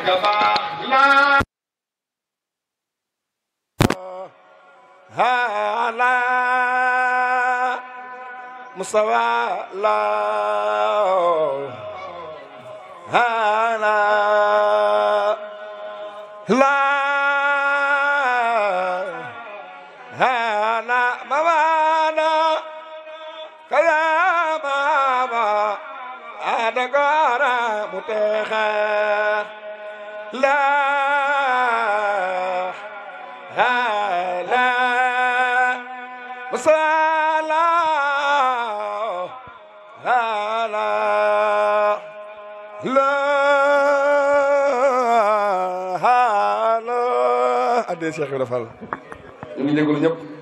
nga baax laa ala musawa la ala la ala mabana kalama adagara mutexa Cheikh Ibrahima Fall ñu ngi jégalu ñëpp